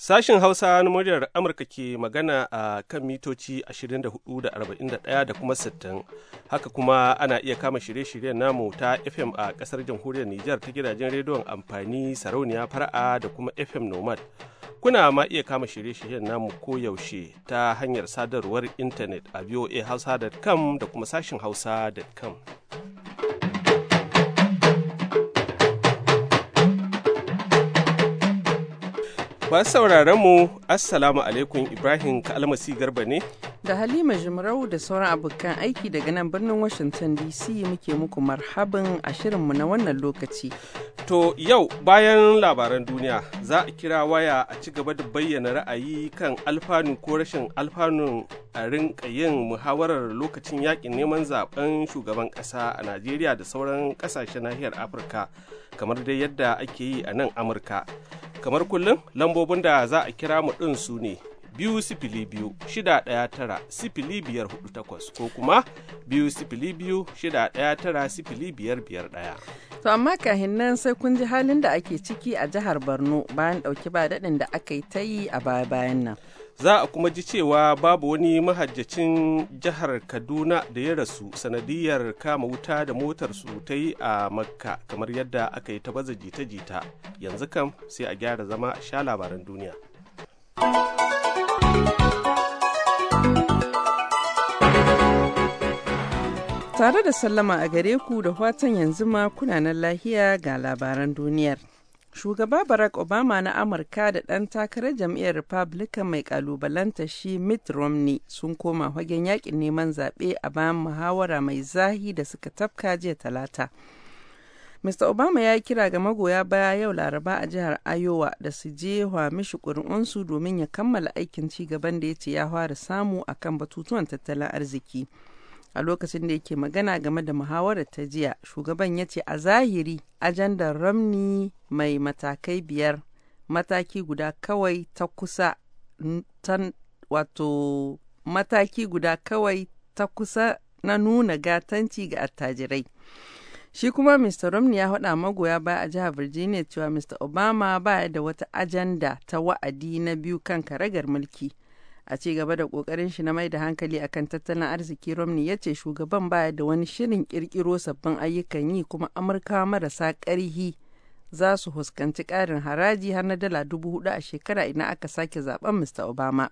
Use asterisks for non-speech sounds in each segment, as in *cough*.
Sashin Hausa na muryar Amurka ke magana a kan mitoci 24.41 da kuma 60. Haka kuma ana iya kama shirye-shiryen namu ta FM a kasar jamhuriyar Nijar ta gidajen rediyon amfani sarauniya fara'a da kuma FM Nomad. Kuna ma iya kama shirye-shiryen namu koyaushe ta hanyar sadarwar intanet a voahausa.com da kuma sashin hausa.com. Masu sauraron mu Assalamu alaikum Ibrahim Kalmasi Garba ne. Da Halima Jumrau da sauran abokan aiki daga nan birnin Washington DC muke muku marhaban a shirinmu na wannan lokaci. To yau bayan labaran duniya za a kira waya a ci gaba da bayyana ra'ayi kan alfanu ko rashin alfanu a rinka yin muhawarar lokacin yakin neman zaben shugaban ƙasa a Najeriya da sauran ƙasashen nahiyar Afirka kamar dai yadda ake yi a nan Amurka. Kamar kullum lambobin da za a kira mu ɗin su ne biyu sifili biyu shida ɗaya tara sifili biyar hudu takwas ko kuma biyu sifili biyu shida ɗaya tara sifili biyar biyar ɗaya. To amma kahin nan sai kun ji halin da ake ciki a jihar Borno bayan ɗauki ba daɗin da aka yi ta yi a baya bayan nan. Za a kuma ji cewa babu wani mahajjacin jihar Kaduna da ya rasu sanadiyar kama wuta da motarsu su ta yi a Makka kamar yadda aka yi ta baza jita-jita. Yanzu kam sai a gyara zama a sha labaran duniya. Tare da sallama a gare ku da watan yanzu ma kunanan lahiya ga labaran duniyar. Shugaba Barack Obama na Amurka da ɗan takarar jam'iyyar Republican mai kalubalanta shi Mitt Romney sun koma hagen yakin neman zaɓe a bayan muhawara mai zahi da suka tafka jiya talata. Mr. Obama ya kira ga magoya baya yau Laraba a jihar Iowa da su je wa mishi ƙuri'unsu domin ya kammala aikin ci gaban da ya ce ya fara samu akan batutuwan tattalin arziki. a lokacin da yake magana game da muhawarar ta jiya shugaban ya ce a zahiri ajandar ramni mai matakai biyar mataki guda kawai ta kusa wato mataki guda kawai ta kusa na nuna gatanci ga attajirai shi kuma mr romney ya haɗa magoya baya a jihar virginia cewa mr obama baya da wata ajanda ta wa'adi na biyu kan karagar mulki a ci gaba da kokarin shi na mai da hankali akan tattalin arziki romney ya ce shugaban baya da wani shirin kirkiro sabbin ayyukan yi kuma amurkawa marasa ƙarhi za su huskanci ƙarin haraji har na dala dubu hudu a shekara idan aka sake zaben mr obama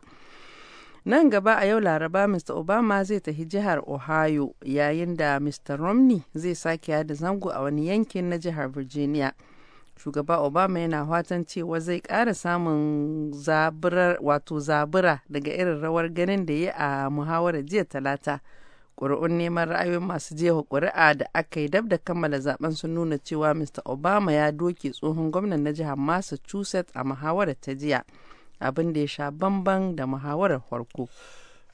nan gaba a yau laraba mr obama zai tafi jihar ohio yayin da mr romney zai sake yada zango a wani yankin na jihar virginia shugaba obama yana fatan cewa zai kara samun wato zabura daga irin rawar ganin da ya a muhawarar jiya talata ƙuri'un neman ra'ayoyin masu jefa ƙuri'a da aka yi dab da kammala zaben sun nuna cewa mr obama ya doke tsohon gwamnan na jihar massachusetts a muhawarar ta jiya abin da ya sha bamban da muhawarar farko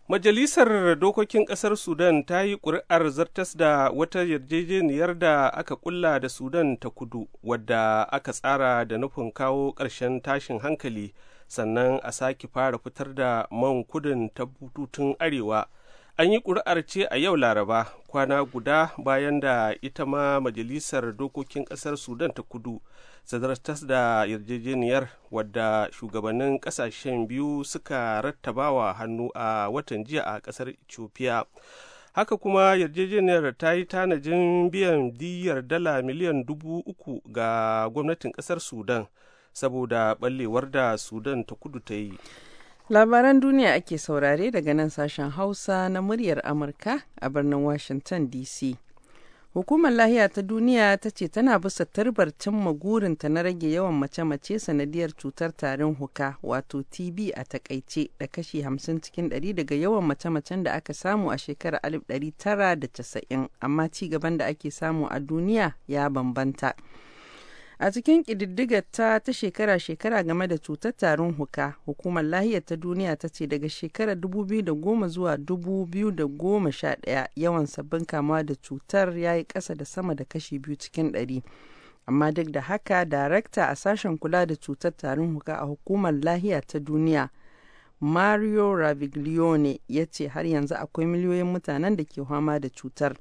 Majalisar Dokokin Ƙasar Sudan ta yi ƙuri'ar zartas da wata yarjejeniyar da aka ƙulla da Sudan ta kudu, wadda aka tsara da nufin kawo ƙarshen tashin hankali, sannan a sake fara fitar da man kudin ta bututun arewa an yi ƙuri'ar ce a yau laraba kwana guda bayan da ita ma majalisar dokokin ƙasar sudan ta kudu sadartas da yarjejeniyar wadda shugabannin ƙasashen biyu suka rattabawa hannu a watan jiya a ƙasar ethiopia haka kuma yarjejeniyar ta yi tanajin biyan diyar dala miliyan dubu uku ga gwamnatin ƙasar sudan saboda ɓallewar da sudan ta kudu ta yi Labaran duniya ake saurare daga nan sashen Hausa na muryar Amurka a birnin Washington DC. Hukumar lahiya ta duniya ta ce tana bisa tarbar cimma gurinta na rage yawan mace-mace sanadiyar cutar tarin huka wato TB a takaice da kashi 50 cikin 100 daga yawan mace-macen da aka samu a shekarar 1990 amma ci gaban da ake samu a duniya ya bambanta. A cikin ƙididdigar ta ta shekara-shekara game da cutar tarin huka, Hukumar lahiya ta Duniya ta ce daga shekarar 2010 zuwa 2011 yawan sabbin kamuwa da cutar ya yi ƙasa da sama da kashi biyu cikin ɗari. Amma duk da haka, darakta a sashen kula da cutar tarin huka a Hukumar Lahiya ta Duniya, Mario Raviglione ya ce har yanzu akwai miliyoyin mutanen da ke fama da cutar.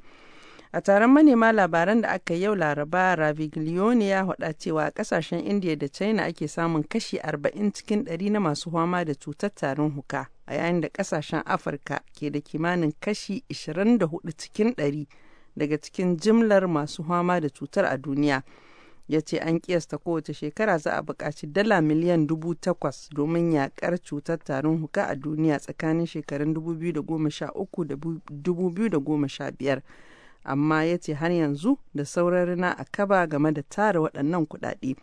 A taron manema labaran da aka yau Laraba, Raviglione ya hada cewa kasashen ƙasashen Indiya da China ake samun kashi 40 cikin 100 na masu fama da cutar tarin huka, a yayin da kasashen Afirka ke da kimanin kashi 24 cikin 100 daga cikin jimlar masu fama da cutar a duniya. Ya ce an kiyasta kowace shekara za a buƙaci dala miliyan dubu takwas domin yakar cutar tarin huka a duniya tsakanin shekarun 2013 da 2015. amma ya ce har yanzu da sauran rina a kaba game da tara waɗannan kuɗaɗe.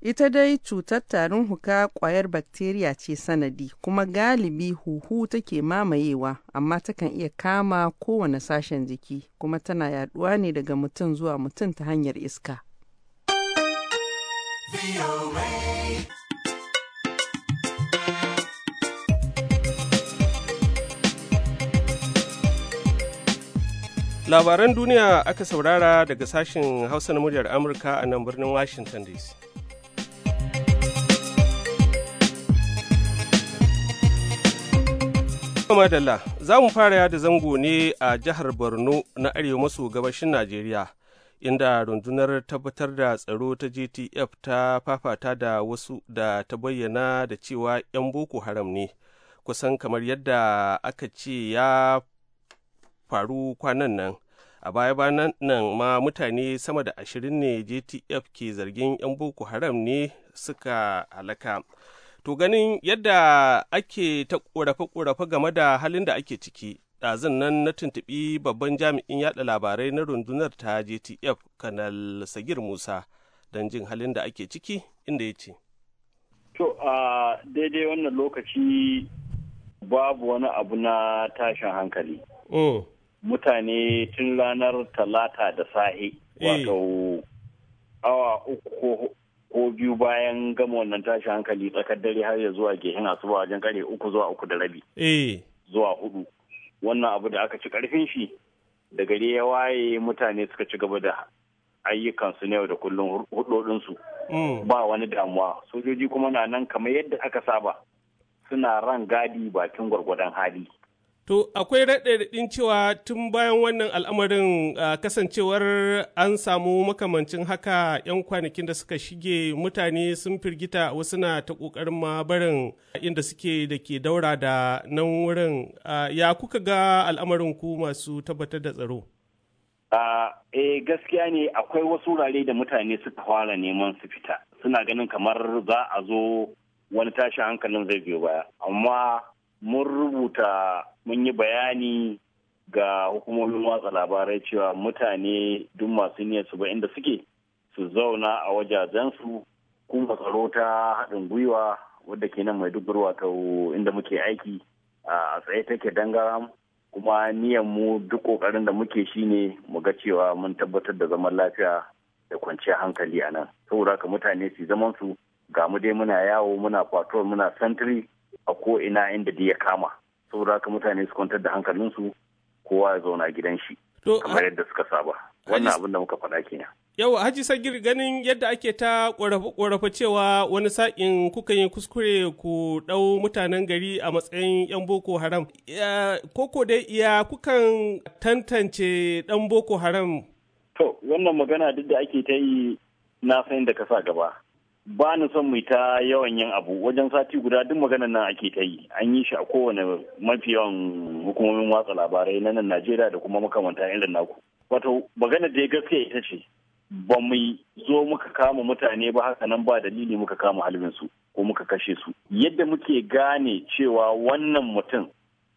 Ita dai cutar tarin huka ƙwayar bakteriya ce sanadi kuma galibi huhu take mamayewa amma takan iya kama kowane sashen jiki kuma tana yaɗuwa ne daga mutum zuwa mutum ta hanyar iska. Labaran duniya aka saurara daga sashen Hausa na muryar Amurka a nan birnin Washington DC. madalla za mu fara yada zango ne a jihar borno na arewa maso gabashin najeriya inda rundunar tabbatar da tsaro ta gtf ta fafata da wasu da ta bayyana da cewa 'yan boko haram ne kusan kamar yadda aka ce ya faru kwanan nan a baya bayan nan ma mutane sama da ashirin ne GTF ke zargin 'yan boko haram ne suka halaka to ganin yadda ake ta ƙorafe-ƙorafe game da halin da ake ciki ɗazun nan na tuntubi babban jami'in yada labarai na rundunar ta jtf kanal sagir musa don jin halin da ake ciki inda ya ce to a daidai wannan lokaci babu wani abu na tashin hankali mm. mutane tun ranar talata da sahi eh. wato awa uku ko biyu bayan gama wannan tashi hankali tsakar dare har ya zuwa gehen asuba wajen kare uku zuwa uku da rabi eh. zuwa hudu wannan abu da aka ci karfin shi da gari ya waye mutane suka ci gaba da ayyukansu na yau da kullum hudodinsu mm. ba wani damuwa sojoji kuma na nan kamar yadda aka saba suna ran gadi bakin gwargwadon hali To, akwai raɗaɗin cewa tun bayan wannan al'amarin kasancewar an samu makamancin haka ‘yan kwanakin da suka shige mutane sun firgita wasu na ta ƙoƙarin ma barin inda suke da ke daura da nan wurin. Ya kuka ga al'amarin ku masu tabbatar da tsaro? Eh gaskiya ne akwai wasu wurare da mutane suka fara neman su fita. Suna ganin kamar za a zo wani tashin hankalin zai biyo baya. Amma mun rubuta mun yi bayani ga hukumomin watsa labarai cewa mutane duk masu niyya su ba inda suke su zauna a su kuma tsaro ta haɗin gwiwa wadda ke nan maiduguri wato inda muke aiki a tsaye take dangara kuma niyan mu duk ƙoƙarin da muke shine mu ga cewa mun tabbatar da zaman lafiya da kwanciyar hankali a nan saboda ka mutane su zaman su ga mu dai muna yawo muna patrol muna sentry a ko ina inda da ya kama saboda haka mutane su kwantar da hankalinsu kowa ya zauna gidan shi kamar yadda suka saba wannan abin da muka faɗa kenan Yau, Haji Sagir ganin yadda ake ta ƙorafa cewa wani sa'in kuka yi kuskure ku ɗau mutanen gari a matsayin 'yan Boko Haram. Koko dai iya kukan tantance ɗan Boko Haram? To, wannan magana duk da ake ta yi na san da ka sa gaba. ba ni son mai ta yawan yin abu wajen sati guda duk maganar nan ake ta yi an yi shi a kowane mafi yawan hukumomin watsa labarai na nan najeriya da kuma makamanta irin naku wato maganar da ya gaskiya ita ce ba mu zo muka kama mutane ba haka nan ba dalili muka kama halin su ko muka kashe su yadda muke gane cewa wannan mutum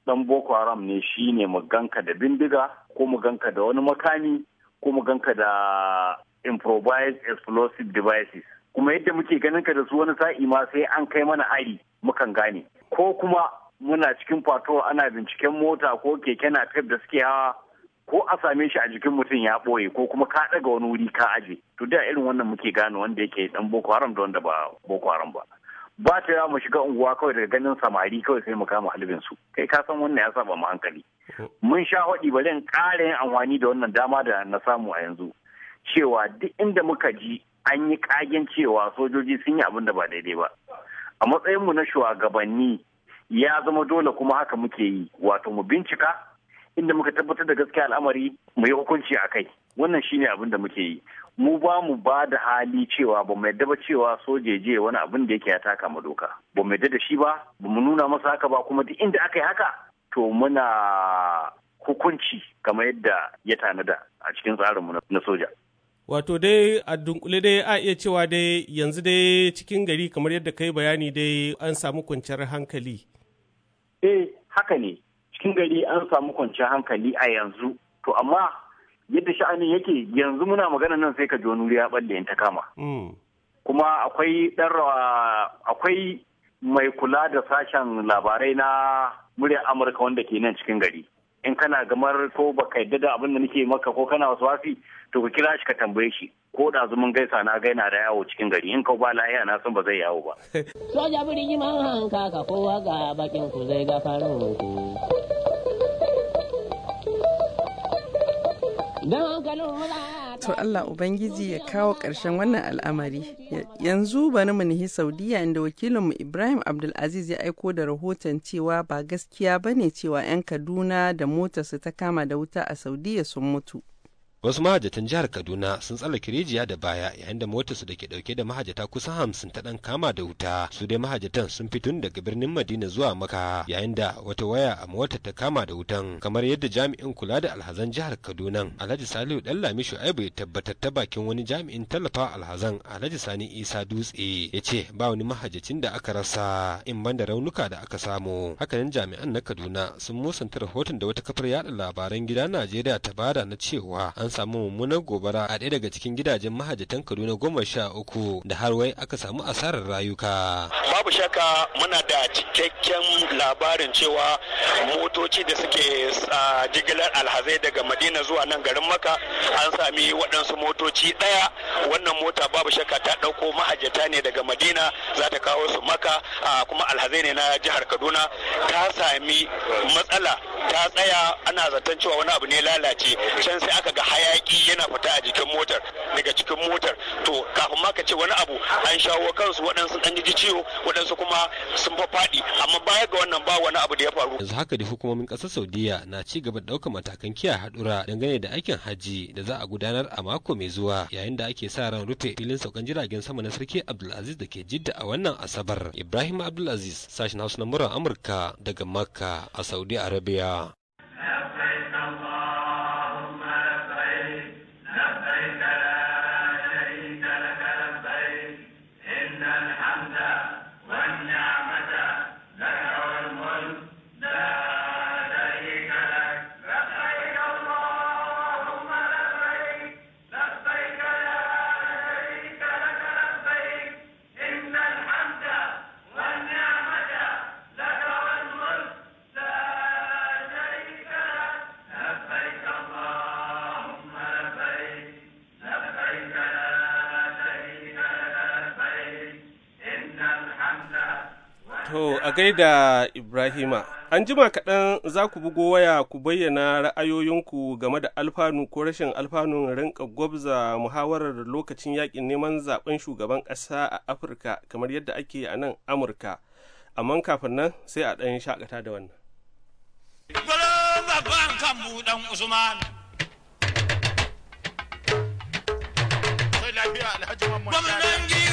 dan boko haram ne shine mu ganka da bindiga ko mu ganka da wani makami ko mu ganka da improvised explosive devices kuma yadda muke ganin ka da su wani sa'i ma sai an kai mana ari mukan gane ko kuma muna cikin fato ana binciken mota ko keke na da suke hawa ko a same shi a jikin mutum ya ɓoye ko kuma ka ɗaga wani wuri ka aje to da irin wannan muke gane wanda yake dan boko haram da wanda ba boko haram ba ba ta yawa mu shiga unguwa kawai daga ganin samari kawai sai mu kama halibin su kai ka san wannan ya saba mu hankali mun sha haɗi ba in ƙara yin amfani da wannan dama da na samu a yanzu cewa duk inda muka ji an yi kagen cewa sojoji sun yi abin da ba daidai ba a matsayinmu na shugabanni ya zama dole kuma haka muke yi wato mu bincika inda muka tabbatar da gaskiya al'amari mu yi hukunci a kai wannan shine abin da muke yi mu ba mu ba da hali cewa ba mu yadda ba cewa sojeje wani abin da yake ya taka ma doka ba mu yadda da shi ba ba mu nuna masa haka ba kuma duk inda aka yi haka to muna hukunci kamar yadda ya tanada a cikin tsarinmu na soja Wato dai a dunkule dai a iya cewa dai yanzu dai cikin gari kamar yadda kai bayani dai an samu kwanciyar hankali. Eh haka ne cikin gari an samu kwanciyar hankali a yanzu to amma yadda sha'anin yake yanzu muna magana nan sai ka ji wani ya balle ta kama. Hmm. Kuma akwai akwai mai kula da sashen labarai na muryar Amurka wanda ke nan cikin gari. in kana gamar ko baka yadda da abin da nake maka ko kana wasu wasi to ka kira shi ka tambaye shi ko da zumun gaisa na gaina da yawo cikin gari in kau ba lahiya na san ba zai yawo ba *laughs* soja birni an hanka ka kowa ga bakin ku zai ga farin ku To Allah Ubangiji ya kawo ƙarshen wannan al'amari. Yanzu bari mu nihi Saudiya inda wakilinmu Ibrahim Abdulaziz ya aiko da rahoton cewa ba gaskiya bane cewa 'yan Kaduna da motarsu ta kama da wuta a Saudiya sun mutu. wasu mahajatan jihar kaduna sun tsallake rijiya da baya yayin da motarsu da ke dauke da mahajata kusan hamsin ta dan kama da wuta su dai mahajatan sun fito daga birnin madina zuwa maka yayin da wata waya a motar ta kama da wutan kamar yadda jami'in kula da alhazan jihar kaduna alhaji salihu dan lami shu'aibu ya tabbatar ta bakin wani jami'in tallafa alhazan alhaji sani isa dutse ya ce ba wani mahajjacin da aka rasa in ban da raunuka da aka samu hakanan jami'an na kaduna sun musanta rahoton da wata kafar yada labaran gida najeriya ta bada na cewa an an samu mummunar gobara a ɗaya daga cikin gidajen mahajjatan Kaduna goma sha uku da har wai aka samu asarar rayuka. Babu shaka muna da cikakken labarin cewa motoci da suke jigilar alhazai daga Madina zuwa nan garin Maka an sami waɗansu motoci ɗaya wannan mota babu shaka ta ɗauko mahajjata ne daga Madina za ta kawo su Maka kuma alhazai ne na jihar Kaduna ta sami matsala ta tsaya ana zaton cewa wani abu ne lalace can sai aka ga hayaki yana fita a jikin motar daga cikin motar to kafin ma ka ce wani abu an shawo kansu waɗansu ɗan ji ciwo waɗansu kuma sun faɗi amma baya ga wannan ba wani abu da ya faru yanzu haka da hukumomin ƙasar saudiya na ci gaba da ɗaukar matakan kiyaye haɗura dangane da aikin hajji da za a gudanar a mako mai zuwa yayin da ake sa ran rufe filin saukan jiragen sama na sarki abdulaziz da ke jidda a wannan asabar ibrahim abdulaziz sashen hausa na muran amurka daga makka a saudi arabia Never. a gaida Ibrahima. An jima kaɗan za ku bugo waya ku bayyana ra'ayoyinku game da alfanu ko rashin alfanun rinka gwabza muhawarar lokacin yaƙin neman zaɓen shugaban ƙasa a Afirka kamar yadda ake a nan Amurka. Amma kafin nan sai a ɗan shaƙata da wannan. Gwamnan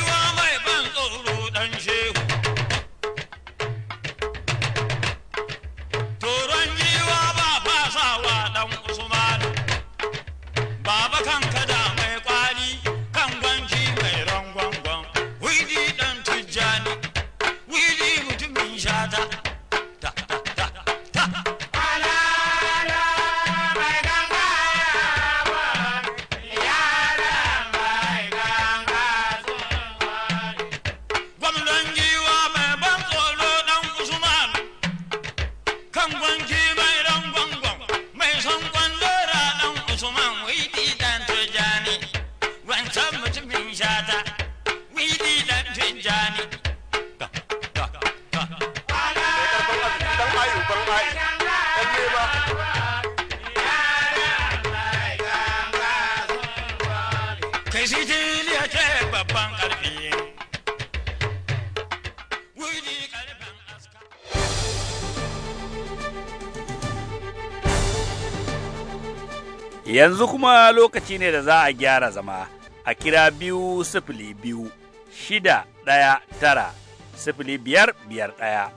Yanzu kuma lokaci ne da za a gyara zama a kira biyu sifili biyu shida ɗaya tara sifili biyar biyar ɗaya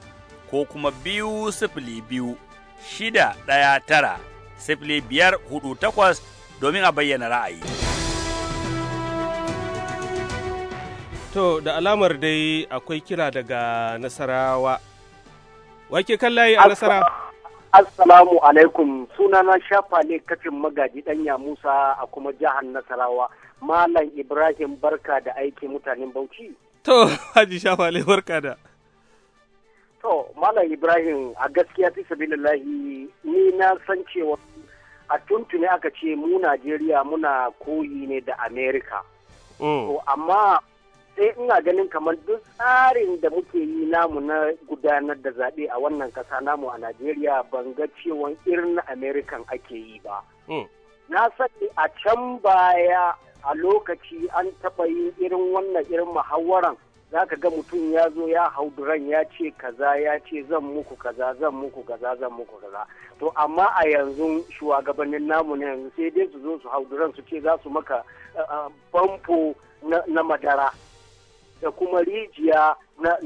ko kuma biyu sifili biyu shida ɗaya tara sifili biyar hudu takwas domin a bayyana ra'ayi. To da alamar dai akwai kira daga Nasarawa. Wake kan layi a Nasarawa? Assalamu alaikum sunana shafa ne magaji ɗanya Musa a kuma jihar Nasarawa. Malam Ibrahim barka da aiki mutanen Bauchi. To, *laughs* Haji shafa ne barka da. To, Malam Ibrahim a gaskiya fi sabilillahi ni na san cewa a tuntuni aka ce mu Najeriya muna koyi ne da Amerika. Oh. amma sai ina ganin kamar duk tsarin da muke yi namu na gudanar da zaɓe a wannan kasa namu a najeriya ban ga cewa irin na american ake yi ba hmm. na sani a can baya a lokaci an taɓa yi irin wannan irin muhawaran za ka ga mutum ya zo ya hau duran ya ce kaza ya ce zan muku kaza zan muku kaza zan muku kaza to amma a yanzu shugabannin namu ne yanzu sai dai su zo su hau duran su ce za su maka eh, eh, famfo na madara da kuma rijiya na,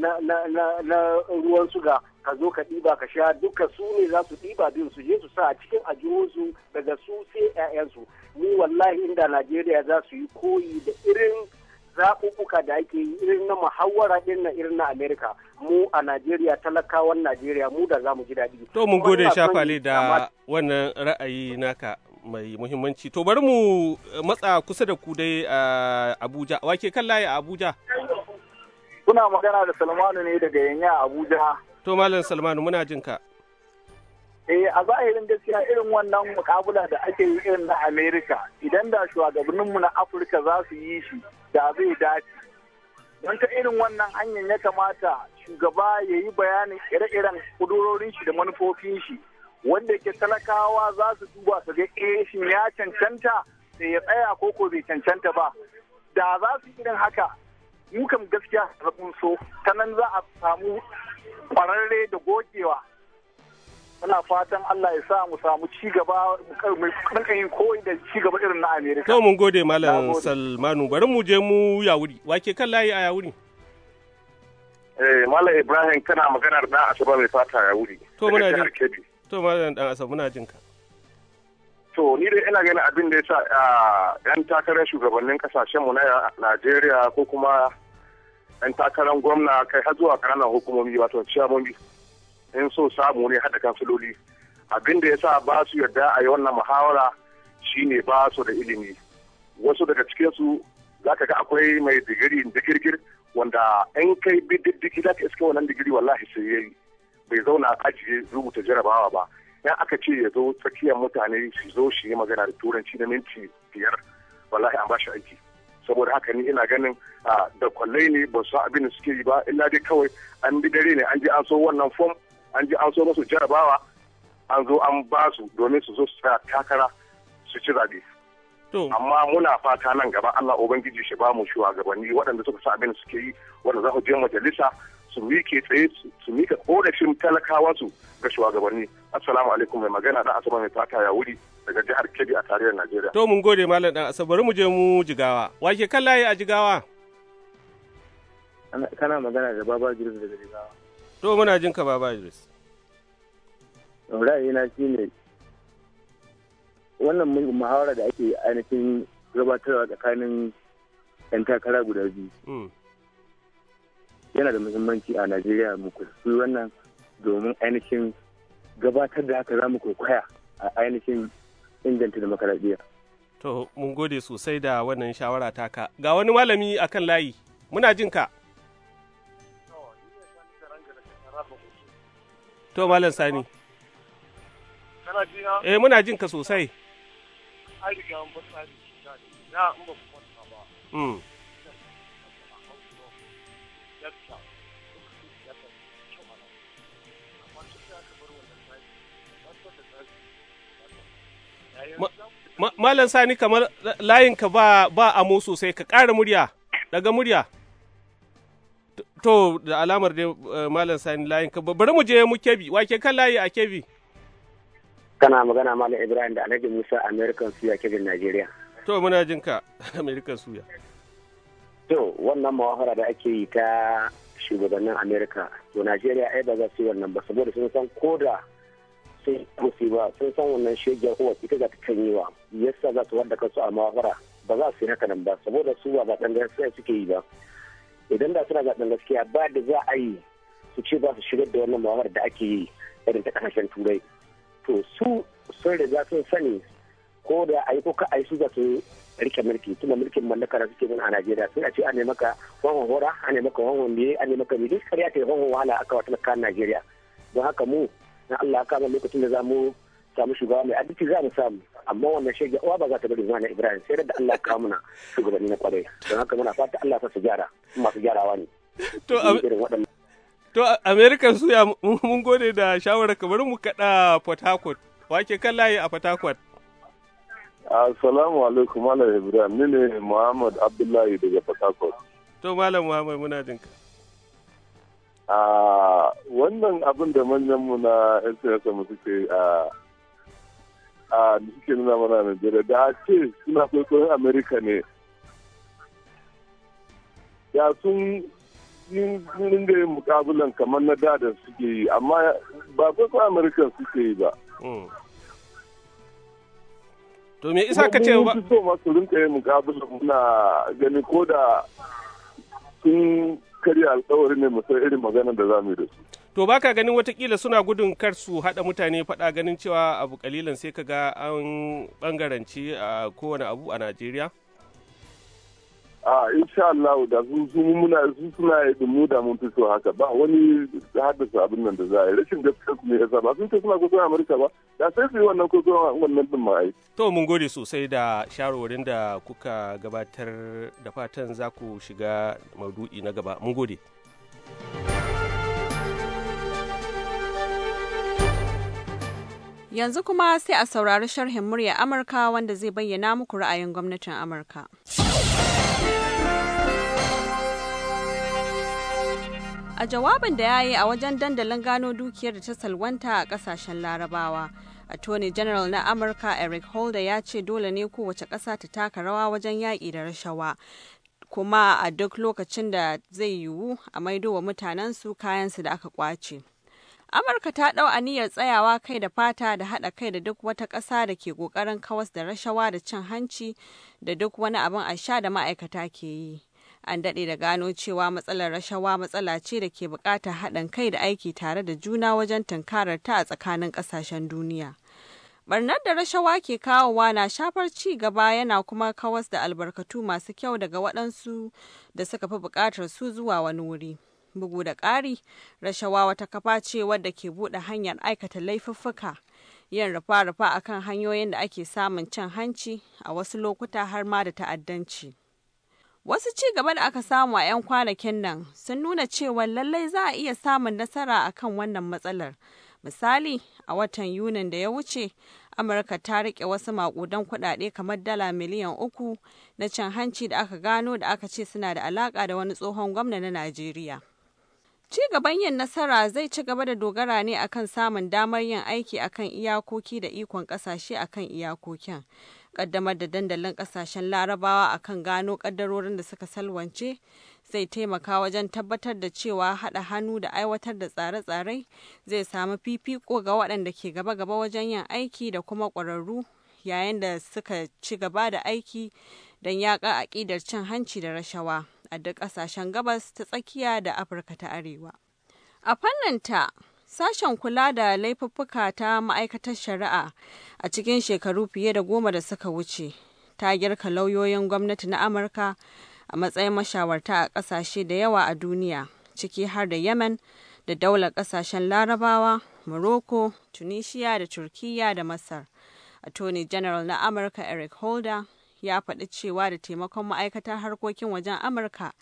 ruwan suga ka zo ka ɗiba ka sha duka su ne za su ɗiba bin su je su sa a cikin ajihunsu daga su sai 'ya'yansu ni wallahi inda najeriya za su yi koyi da irin zaɓuɓɓuka da ake yi irin na muhawara irin na irin na amerika mu a najeriya talakawan najeriya mu da za mu ji daɗi to mun gode shafale da wannan ra'ayi naka mai muhimmanci to bari mu matsa kusa da ku dai a abuja wake kan layi a abuja Kuna magana da Salmanu ne daga Yanya Abuja. To Malam Salmanu muna jin ka. Eh a zahirin gaskiya irin wannan mukabula da ake yi irin na Amerika idan da shugabanninmu na Afirka za su yi shi da zai dace. Don ta irin wannan hanyar ya kamata shugaba ya yi bayanin ire-iren kudurorin shi da manufofin shi wanda ke talakawa za su duba su ga eh shin ya cancanta sai ya tsaya ko ko bai cancanta ba. Da za su irin haka mu kam gaskiya rabin so ta nan za a samu kwararre da gogewa muna fatan Allah ya sa mu samu ci gaba mu yin koyi da ci gaba irin na Amerika. To mun gode Malam Salmanu bari mu je mu Yawuri wake kan layi a Yawuri. Eh Malam Ibrahim kana maganar da Asaba mai fata Yawuri. To muna jin. To Malam Dan Asaba muna jin ka. To ni dai ina gani abin da ya sa ‘yan takarar shugabannin mu na Najeriya ko kuma ‘yan takarar gwamna kai har zuwa ƙananan hukumomi wato ciyamomi in so samu ne haɗa kansiloli. Abin da ya sa ba su yarda a yi wannan muhawara shine ba su da ilimi. Wasu daga cikinsu za ka ga akwai mai digiri digirgir wanda in kai bi diddigi za ka iske wannan digiri wallahi sai yayi bai zauna a ajiye rubuta jarabawa ba. ya aka ce ya zo tsakiyar mutane su zo shi yi magana da turanci da minti biyar wallahi an bashi aiki saboda haka ni ina ganin da kwallai ne ba su abin da suke yi ba illa dai kawai an bi dare ne an ji an so wannan fom an ji an so musu jarabawa an zo an ba su domin su zo su tsaya takara su ci zabe amma muna fata nan gaba Allah ubangiji shi ba mu shugabanni waɗanda suka sa abin da suke yi wanda za su je majalisa su rike tsaye su mika ƙorafin talakawa su ga shugabanni assalamu alaikum mai magana da asabar mai fata ya wuri daga jihar kebbi a tarihin najeriya to mun gode malam dan asabar mu je mu jigawa ke kan layi a jigawa kana magana da baba jirgin daga jigawa to muna jin ka baba na shi ne wannan muhawara da ake ainihin gabatarwa tsakanin 'yan takara guda biyu hmm. yana da muhimmanci a najeriya mu kusurci wannan domin ainihin gabatar da haka za mu kwaikwaya a ainihin inganta demokaradiyya. to mun gode sosai da wannan shawara taka ga wani malami akan layi muna jin ka to malam sani eh muna jin ka sosai an riga an tsari na ba ku kwanta ba mm. Malam Sani kamar layinka ba ba amo sosai ka ƙara murya daga murya. To da alamar dai eh, Malam Sani layinka bari mu je mu kebi wake kan layi a kebi. Kana magana Malam Ibrahim da Alhaji Musa American Suya kebin Najeriya. To muna jin ka *laughs* American Suya. To wannan mawahara da ake yi ta shugabannin Amerika to Najeriya ai ba za su yi wannan ba saboda sun san koda sai ba sun san wannan shegiyar kowa ita za ta yi wa yasa za su wanda kansu a mawara ba za su yi haka nan ba saboda su ba ɗan gaskiya suke yi ba idan da suna zaɓen gaskiya ba da za a yi su ce ba su shigar da wannan mawar da ake yi irin ta ƙasashen turai to su sun riga sun sani ko da a yi ko a yi su za su rike mulki tunda mulkin mallaka da suke mana a Najeriya sai a ce an maka wanwan hora an maka wanwan biye an maka biye duk kariya ta yi wanwan wahala aka wata kan Najeriya don haka mu in Allah ya kama lokacin da za mu samu shugaba mai adalci za mu samu amma wannan shege uwa ba za ta bari zuwa Ibrahim sai da Allah ya kawo muna shugabanni na kwarai don haka muna fata Allah ya sa su gyara masu gyarawa ne *laughs* to to America su ya mun gode da shawara ka bari mu kada Port Harcourt wake kan layi a Port Harcourt Assalamu alaikum Malam Ibrahim ni ne Muhammad Abdullahi daga Port Harcourt to Malam Muhammad muna jinka a wannan abin da manyan mu na yan mu suke a a suke nuna mana Najeriya da a ce suna kwaikwayon Amerika ne ya sun yin ringa yin mukabulan kamar na da suke yi amma ba kwaikwayon Amerika suke yi ba. Hmm. To me isa ka ce ba? Mun so masu rinka yin mukabulan muna gani ko da sun karya alkawari ne musa irin magana da za mu yi da su. To baka ganin watakila suna gudun kar su haɗa mutane faɗa ganin cewa abu kalilan sai ka ga an bangarance a ah, kowane abu a Najeriya? a insha Allah da su muna su suna yi dumu da mun fito haka ba wani haddasa abin nan da za a yi rashin gaskiya su ne yasa ba sun ce suna kusa Amurka ba da sai su yi wannan kusa wannan din ma ai to mun gode sosai da shawarwarin da kuka gabatar da fatan za ku shiga maudu'i na gaba mun gode Yanzu kuma sai a saurari sharhin murya Amurka wanda zai bayyana muku ra'ayin gwamnatin Amurka. a jawabin da ya yi a wajen dandalin gano dukiyar da ta salwanta a kasashen larabawa attorney general na amurka eric holder ya ce dole ne kowace ƙasa ta taka rawa wajen yaƙi da rashawa kuma a duk lokacin da zai yiwu a maido wa mutanensu kayansu da aka kwace amurka ta ɗau aniyar tsayawa kai da fata da haɗa kai da duk wata ƙasa da ke ƙoƙarin kawas da rashawa da cin hanci da duk wani abin a sha da ma'aikata ke yi an daɗe da gano cewa matsalar rashawa matsala ce da ke buƙatar haɗin kai da aiki tare da juna wajen tunkarar ta a tsakanin ƙasashen duniya. Barnar da rashawa ke kawowa na shafar ci gaba yana kuma kawas da albarkatu masu kyau daga waɗansu da suka fi buƙatar su zuwa wani wuri. Bugu da ƙari, rashawa wata kafa ce wadda ke buɗe hanyar aikata laifuffuka. yin rufa-rufa akan hanyoyin da ake samun cin hanci a wasu lokuta har ma da ta'addanci. Wasu ci gaba da aka samu a 'yan kwanakin nan sun nuna cewa lallai za a iya samun nasara a kan wannan matsalar. Misali, a watan Yunin da ya wuce, Amurka ta rike wasu maƙudan kuɗaɗe kamar dala miliyan uku na cin hanci da aka gano da aka ce suna da alaƙa da wani tsohon gwamna na Najeriya. Ci gaban yin nasara zai ci gaba da dogara ne akan samun damar yin aiki akan iyakoki da ikon ƙasashe akan iyakokin. kaddamar da dandalin kasashen larabawa a kan gano kaddarorin da suka salwance zai taimaka wajen tabbatar da cewa haɗa hannu da aiwatar da tsare-tsare zai samu fifiko ga waɗanda ke gaba-gaba wajen yin aiki da kuma ƙwararru yayin da suka ci gaba da aiki don yaƙa aƙidar cin hanci da rashawa a duk ƙasashen gabas ta tsakiya da afirka ta arewa a fannin ta Sashen kula da laifuffuka ta Ma'aikatar Shari'a a cikin shekaru fiye da goma da suka wuce ta girka lauyoyin gwamnati na Amurka a matsayin mashawarta a ƙasashe da yawa a duniya, ciki har da Yemen da Daular Ƙasashen Larabawa, Morocco, Tunisia da Turkiyya da Masar. a Attorney General na Amurka Eric Holder ya faɗi cewa da taimakon Ma'aikatar Harkokin Wajen Amurka,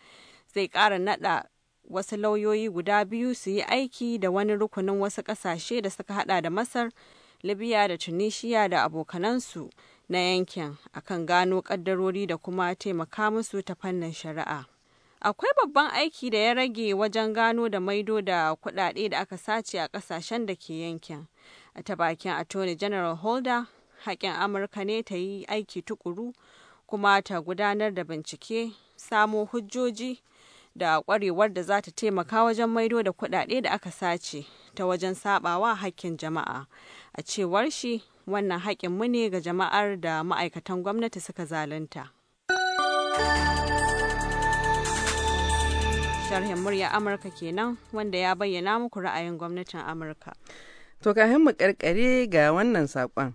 zai ƙara naɗa wasu lauyoyi guda biyu su yi aiki da wani rukunin wasu ƙasashe da suka hada da Masar, Libya da Tunisia da abokanansu na yankin akan gano ƙaddarori da kuma taimaka musu ta fannin shari'a. Akwai babban aiki da ya rage wajen gano da maido da kuɗaɗe da aka sace a ƙasashen da ke yankin. A ta bakin Attorney General Holder, haƙƙin Amurka ne ta yi aiki tukuru kuma ta gudanar da bincike, samo hujjoji da kwarewar da za ta taimaka wajen maido da kuɗaɗe da aka sace ta wajen sabawa hakkin jama'a a cewar shi wannan mu ne ga jama'ar da ma'aikatan gwamnati suka zalunta sharhin murya amurka kenan wanda ya bayyana muku ra'ayin gwamnatin amurka to kahin mu karkare ga wannan saƙon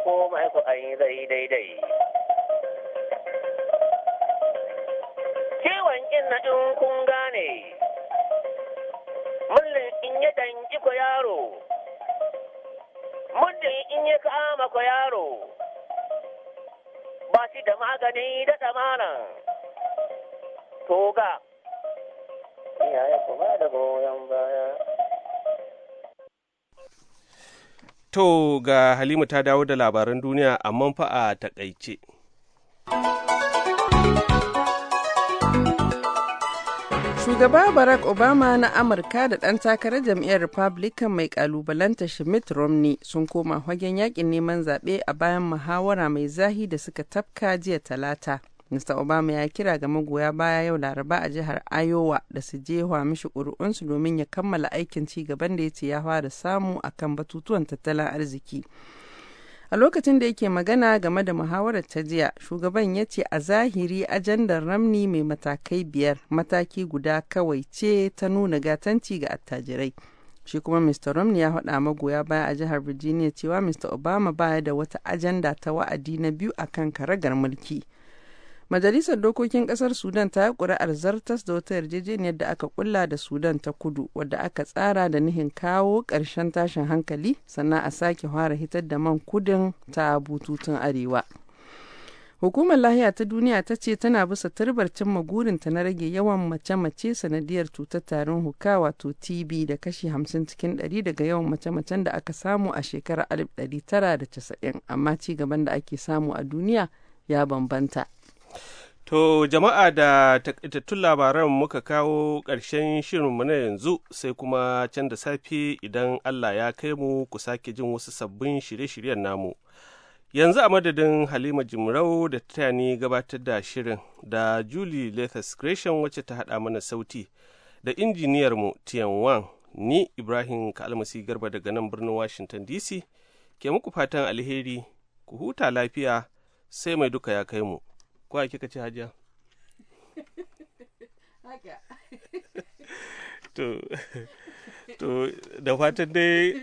Ko komai ku an yi daidai ciwon inna in kun gane mullin in ya danji ko yaro Mulle in ya kama ko yaro ba shi da magani da tsamana toga iyaye ku ba da goyon baya To ga Halima ta dawo da labaran duniya amma fa a takaice. Shugaba Barack Obama na Amurka da ɗan takarar jam'iyyar Republican mai kalubalanta Schmidt Romney sun koma hagen yakin neman zaɓe a bayan muhawara mai zahi da suka tafka jiya talata. Mr. Obama ya kira ga magoya baya yau Laraba a jihar Iowa da su jewa mishi ƙuri'unsu domin ya kammala aikin ci gaban da ya ce ya fara samu akan batutuwan tattalin arziki. A lokacin da yake magana game da muhawarar ta jiya, shugaban ya ce a zahiri ajandar ramni mai matakai biyar mataki guda kawai ce ta nuna gatanci ga attajirai. shi kuma mr romney ya faɗa magoya baya a jihar virginia cewa mr obama baya da wata ajanda ta wa'adi na biyu akan karagar mulki Majalisar Dokokin Kasar Sudan ta yi ƙuri'ar zartas da wata yarjejeniyar da aka kulla da Sudan ta kudu wadda aka tsara da nihin kawo ƙarshen tashin hankali sannan a sake fara hitar da man kudin ta bututun arewa. Hukumar lahiya ta duniya ta ce tana bisa turbar cimma gurinta na rage yawan mace-mace sanadiyar cutar tarin huka wato TB da kashi 50 cikin 100 daga yawan mace-macen da aka samu a shekarar 1990 amma ci gaban da ake samu a duniya ya bambanta. To jama'a da takaitattun labaran muka kawo ƙarshen shirinmu na yanzu sai kuma can da safe idan Allah ya kai mu ku sake jin wasu sabbin shirye-shiryen namu. Yanzu a madadin Halima Jimrau da ta ni gabatar da shirin da Julie lethes Gresham wacce ta haɗa mana sauti da injiniyarmu Tian Wang ni Ibrahim Kalmasi Garba daga nan birnin Washington DC ke muku fatan alheri ku huta lafiya sai mai duka ya kai mu. ko kika ce hajiya *laughs* haka to to da fatan dai